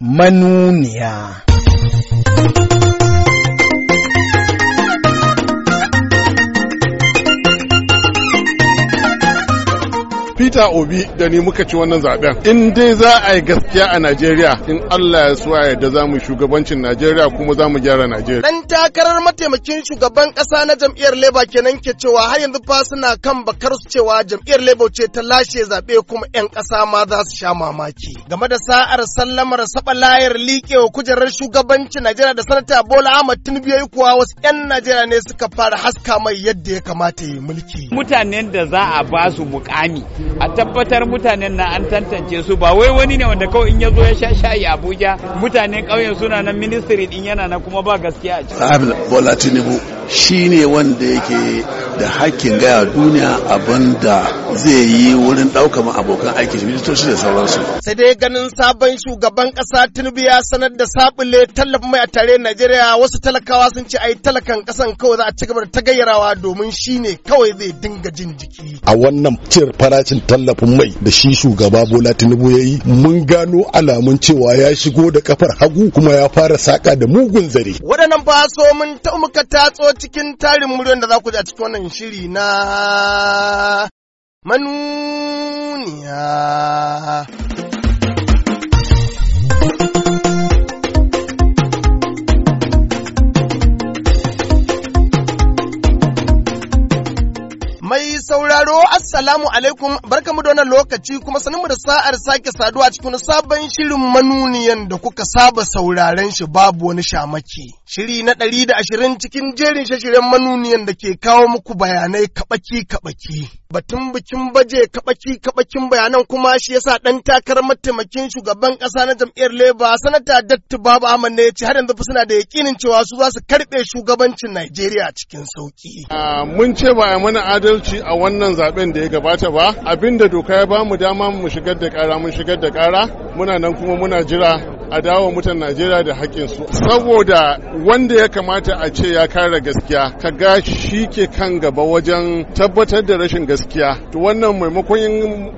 manuniya. Peter Obi da ni muka ci wannan zaben. In dai za a yi gaskiya a Najeriya in Allah ya so ya za mu shugabancin Najeriya kuma za mu gyara Najeriya. Dan takarar mataimakin shugaban kasa na jam'iyyar Labour kenan ke cewa har yanzu fa suna kan bakar su cewa jam'iyyar Labour ce ta lashe zabe kuma 'yan ƙasa ma za su sha mamaki. Game da sa'ar sallamar saba layar liƙewa kujerar shugabancin Najeriya da sanata Bola Ahmad Tinubu yayi kuwa wasu 'yan Najeriya ne suka fara haska mai yadda ya kamata ya mulki. Mutanen da za a ba su mukami a tabbatar mutanen na an tantance su ba wai wani ne wanda kawai in ya zo ya sha shayi Abuja mutanen ƙauyen suna nan ministry din yana na kuma ba gaskiya a ciki. Bola Tinubu ne wanda yake da hakkin gaya duniya abin da zai yi wurin ɗaukar abokan aiki shi da sauransu. Sai dai ganin sabon shugaban ƙasa Tinubu ya sanar da sabule tallafi mai a tare Najeriya wasu talakawa sun ce ai talakan ƙasan kawai za a ci gaba da tagayyarawa domin shi ne kawai zai dinga jin jiki. A wannan cire farashin tallafin mai da shi shugaba Bola Tinubu ya yi mun gano alamun cewa ya shigo da kafar hagu kuma ya fara saka da mugun zare. Waɗannan ba so mun ta tatso cikin tarin muryoyin da za ku ji a cikin wannan shiri na manuniya. Mai sauraro Assalamu alaikum mu da wannan lokaci kuma sanin da sa'ar sake saduwa cikin sabon shirin manuniyan da kuka saba sauraren shi babu wani shamaki. Shiri na ɗari da ashirin cikin jerin shashirin manuniyan da ke kawo muku bayanai kaɓaki-kaɓaki. Batun bikin baje kaɓaki-kaɓakin bayanan kuma shi yasa ɗan takarar mataimakin shugaban ƙasa na jam'iyyar Leba sanata Datti Babu Ahmad ne ya ce har yanzu suna da yakinin cewa su za su karɓe shugabancin Najeriya cikin sauƙi. Ah, mun ce ba mana adalci a wannan zaɓen da ya gabata ba abinda doka ya bamu dama mu shigar da kara mun shigar da kara muna nan kuma muna jira a dawo mutan Najeriya da haƙƙinsu saboda wanda ya kamata a ce ya kare gaskiya ka ga shi ke kan gaba wajen tabbatar da rashin gaskiya to wannan maimakon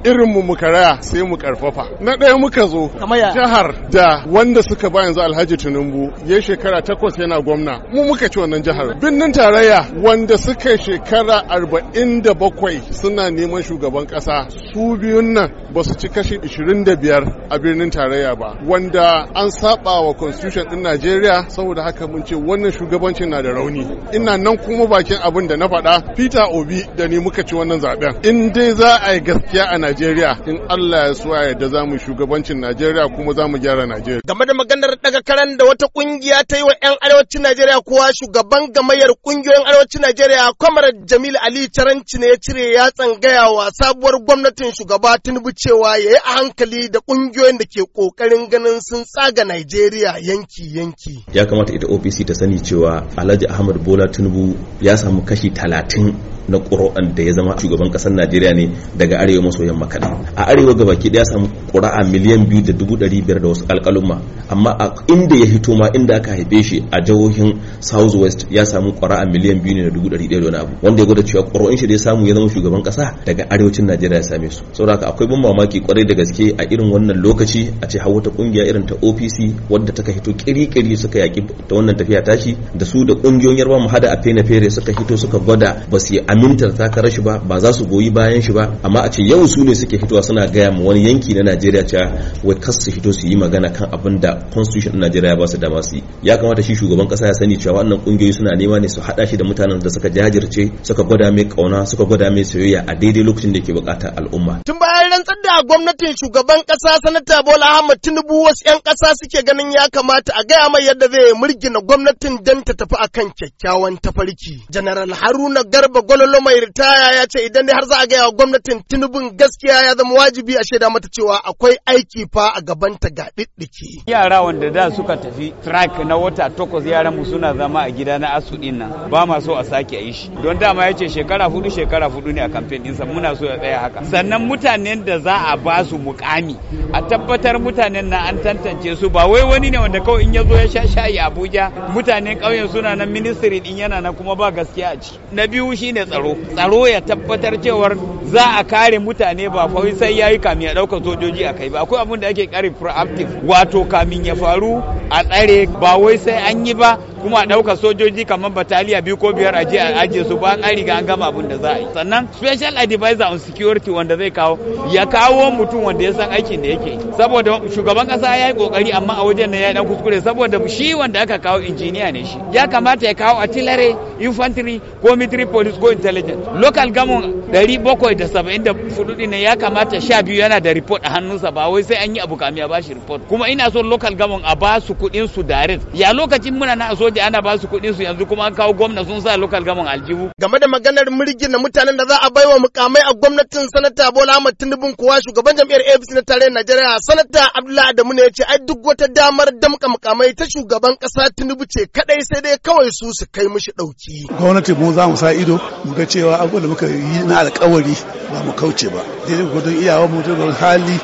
irin mu karaya sai mu karfafa na ɗaya muka zo jihar da wanda suka ba yanzu Alhaji Tinubu ya shekara takwas yana gwamna mu muka ci wannan jihar birnin tarayya wanda suka shekara arba'in da bakwai suna neman shugaban ƙasa su biyun nan ba su ci kashi da biyar a birnin tarayya ba wanda an saba wa constitution din Najeriya saboda haka mun ce wannan shugabancin na da rauni ina nan kuma bakin abin da na faɗa Peter Obi da ni muka ci wannan zaben in dai za a yi gaskiya a Najeriya in Allah ya so ya yarda za mu shugabancin Najeriya kuma za mu gyara Najeriya game da maganar daga karan da wata kungiya ta yi wa 'yan arewacin Najeriya kuwa shugaban gamayyar kungiyoyin arewacin Najeriya Kwamar Jamil Ali Taranci ne ya cire ya tsangaya wa sabuwar gwamnatin shugaba Tinubu cewa ya yi a hankali da kungiyoyin da ke kokarin ganin sun tsaga Najeriya yanki-yanki. Ya kamata ita OPC ta sani cewa Alhaji Ahmad Bola Tinubu ya samu kashi talatin na ƙura'an da ya zama shugaban ƙasar Najeriya ne daga arewa maso yamma kaɗan. A arewa gaba ki ya samu ƙura'a miliyan biyu da dubu ɗari biyar da wasu alƙalumma. amma inda ya hito ma inda aka haife shi a jihohin South West ya samu ƙura'a miliyan biyu ne da dubu ɗari ɗaya da wani abu wanda ya gwada cewa ƙura'un shi da ya samu ya zama shugaban ƙasa daga arewacin Najeriya ya same su. Saboda haka akwai ban mamaki kwarai da gaske a irin wannan lokaci a ce hawa ta ƙungiya irin ta opc wadda taka hito kiri-kiri suka yaki ta wannan tafiya tashi da su da kungiyoyin yarba mu hada a fene fere suka hito suka gwada ba su yi aminta da takarar shi ba ba za su goyi bayan shi ba amma a ce yau su ne suke hitowa suna gaya ma wani yanki na najeriya cewa wai kas su hito su yi magana kan abin da constitution na najeriya ba su dama su yi ya kamata shi shugaban kasa ya sani cewa wannan kungiyoyi suna nema ne su hada shi da mutanen da suka jajirce suka gwada mai kauna suka gwada mai soyayya a daidai lokacin da ke bukata al'umma tun bayan rantsar da gwamnatin shugaban kasa sanata bola ahmad tinubu wasu yan ƙasa suke ganin ya kamata a gaya mai yadda zai murgina gwamnatin don ta tafi akan kyakkyawan tafarki. General Haruna Garba gwalolo mai ritaya ya ce idan dai har za a gaya wa gwamnatin tinubin gaskiya ya zama wajibi a shaida mata cewa akwai aiki fa a gabanta ga ɗiɗɗiki. Yara wanda da suka tafi track na wata takwas yaran mu suna zama a gida na asu ɗin nan ba ma so a sake yi shi. Don dama ya ce shekara hudu shekara hudu ne a kamfen ɗinsa muna so ya tsaya haka. Sannan mutanen da za a ba su mukami a tabbatar mutanen na an tantance magance su ba wai wani ne wanda kawai in ya zo ya sha shayi Abuja mutanen ƙauyen suna nan ministry din yana nan kuma ba gaskiya a ciki. Na biyu shine tsaro. Tsaro ya tabbatar cewar za a kare mutane ba kawai sai yayi kamin ya ɗauka sojoji a kai ba akwai abin da ake kare proactive wato kamin ya faru a tsare ba wai sai an yi ba kuma a ɗaukar sojoji kamar bataliya biyu ko biyar a je a su ba an riga an gama abin da za a yi sannan special advisor on security wanda zai kawo ya kawo mutum wanda ya san aikin da yake saboda shugaban kasa ya yi kokari amma a wajen nan ya dan kuskure saboda shi wanda aka kawo injiniya ne shi ya kamata ya kawo artillery infantry ko military police ko intelligence local gamon 774 din ya kamata sha biyu yana da report a hannunsa ba wai sai an yi abu kamiya ba shi report kuma ina son local government a ba su kuɗin su direct ya lokacin muna na soja ana ba su kuɗin su yanzu kuma an kawo gwamna sun sa local gaman aljihu game da maganar mirgin na mutanen da za a baiwa mukamai a gwamnatin sanata Bola Ahmad Tinubu kuwa shugaban jam'iyyar APC na tarayyar Najeriya sanata Abdullahi Adamu ne ya ce ai duk wata damar damka mukamai ta shugaban kasa Tinubu ce kadai sai dai kawai su su kai mishi dauki gwamnati mu za mu sa ido mu ga cewa abubuwan da muka yi na alkawari ba mu kauce ba daidai gudun iyawa mu hali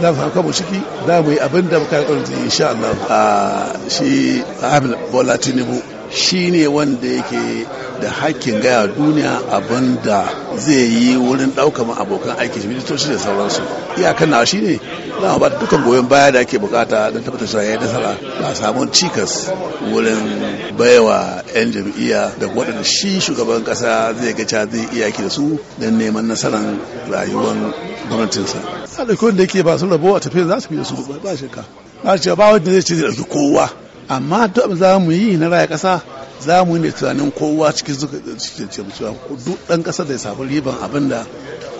da za mu samu kanmu ciki za mu yi abin da muka alƙawarin zai insha Allah ah, shi Abdul Bola Tinubu shi ne wanda yake da hakkin gaya duniya abin da zai yi wurin ɗaukar abokan aiki shi da sauransu iyakan na shi ne za ba dukkan goyon baya da ake bukata don tabbatar cewa ya nasara ba samun cikas wurin baiwa 'yan jam'iyya da waɗanda shi shugaban ƙasa zai ga zai iyaki da su don neman nasarar rayuwar gwamnatinsa. Alaikun da yake ba su rabo a tafiya za su fi da su ba shakka. Na ce ba wanda zai ce zai ɗauki kowa amma duk za mu yi na raya ƙasa za mu ne tunanin kowa cikin cikin cewa duk ɗan ƙasar da ya samu riban abin da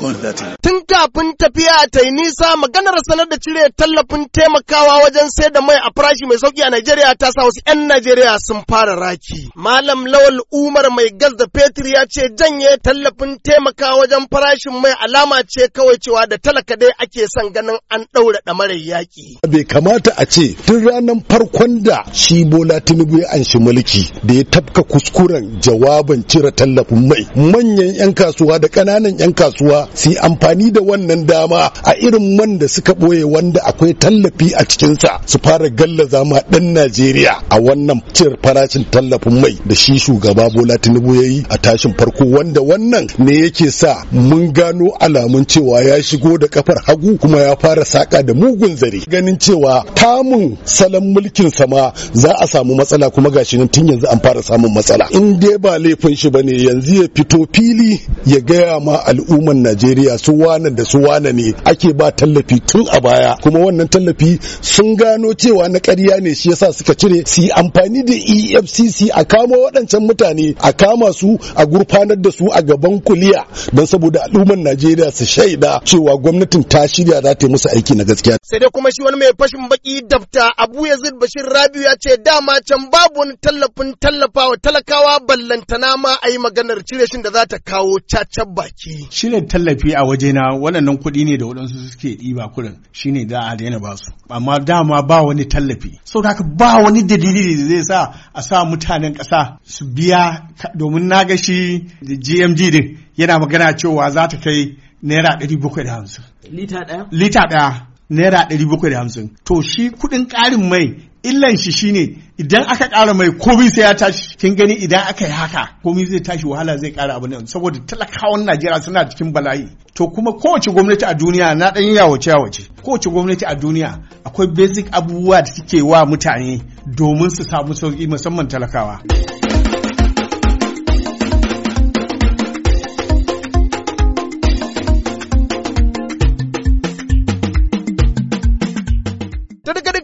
gwamnati za ta yi. Tun kafin tafiya ta yi nisa maganar sanar da cire tallafin taimakawa wajen sai da mai a farashi mai sauki a Najeriya ta sa wasu 'yan Najeriya sun fara raki. Malam Lawal Umar mai gas da fetur ya ce janye tallafin taimakawa wajen farashin mai alama ce kawai cewa da talaka dai ake son ganin an ɗaura mara yaƙi. Bai kamata a ce tun ranar farkon da shi Bola Tinubu ya anshi mulki da ya tafka kuskuren jawaban cire tallafin mai manyan 'yan kasuwa da ƙananan 'yan kasuwa su yi amfani da wannan dama a irin man da suka ɓoye wanda akwai tallafi a cikinsa su fara gallaza ma ɗan Najeriya a wannan cire farashin tallafin mai da shi shugaba Bola Tinubu ya a tashin farko wanda wannan ne yake sa mun gano alamun cewa ya shigo da kafar hagu kuma ya fara saka da mugun zare ganin cewa tamun salon mulkin sama za a samu matsala kuma gashi nan tun yanzu an fara samun matsala in dai ba laifin shi bane yanzu ya fito fili ya gaya ma al'umman Najeriya su wani da su wane ne ake ba tallafi tun a baya kuma wannan tallafi sun gano cewa na ƙarya ne shi yasa suka cire su amfani da EFCC a kama waɗancan mutane a kama su a gurfanar da su a gaban kuliya don saboda al'ummar Najeriya su shaida cewa gwamnatin ta shirya za ta yi musu aiki na gaskiya. Sai dai kuma shi wani mai fashin baki dafta Abu Yazid Bashir Rabiu ya ce dama can babu wani tallafin tallafawa talakawa ballantana ma a yi maganar cire shin da za ta kawo cacar baki. Shirin tallafi a wajena waɗannan kuɗi ne da waɗansu suke ɗiba kuɗin shine da a daina basu amma dama ba wani tallafi saboda haka ba wani dalili da zai sa a sa mutanen ƙasa su biya domin na ga shi GMG din yana magana cewa za ta kai naira ɗari bakwai da hamsin. Lita ɗaya? Lita ɗaya naira ɗari bakwai da hamsin. To shi kuɗin ƙarin mai illan shi shine idan aka ƙara mai komi sai ya tashi kin gani idan aka yi haka komi zai tashi wahala zai ƙara abu ne saboda talakawan Najeriya suna cikin bala'i to kuma kowace gwamnati a duniya na ɗan yawace yawace kowace gwamnati a duniya akwai basic abubuwa da suke wa mutane domin su samu sauƙi musamman talakawa.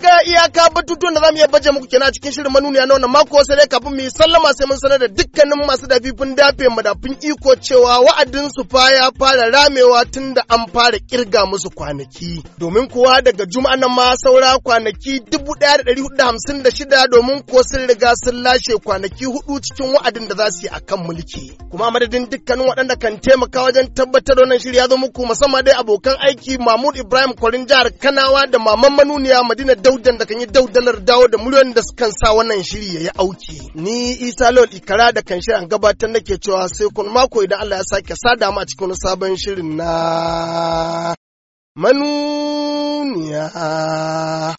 ga iyaka batutuwan da za mu iya baje muku kenan cikin shirin manuniya na wannan mako sai kafin mu yi sallama sai mun sanar da dukkanin masu dafifin dafe madafin iko cewa wa'adin su fa ya fara ramewa tun da an fara kirga musu kwanaki domin kuwa daga juma'a nan ma saura kwanaki 1456 domin ko sun riga sun lashe kwanaki hudu cikin wa'adin da za su yi akan mulki kuma madadin dukkanin waɗanda kan taimaka wajen tabbatar da wannan shirya zo muku musamman dai abokan aiki Mahmud Ibrahim Kwarin jihar Kanawa da Maman Manuniya Madina Dauda daudan da kan yi daudalar dawo da muryoyin da sukan sa wannan shiri ya yi auki. Ni Isa Lawal Ikara da kan shirin gabatar nake cewa sai kun mako idan Allah ya sake sada mu a cikin sabon shirin na manuniya.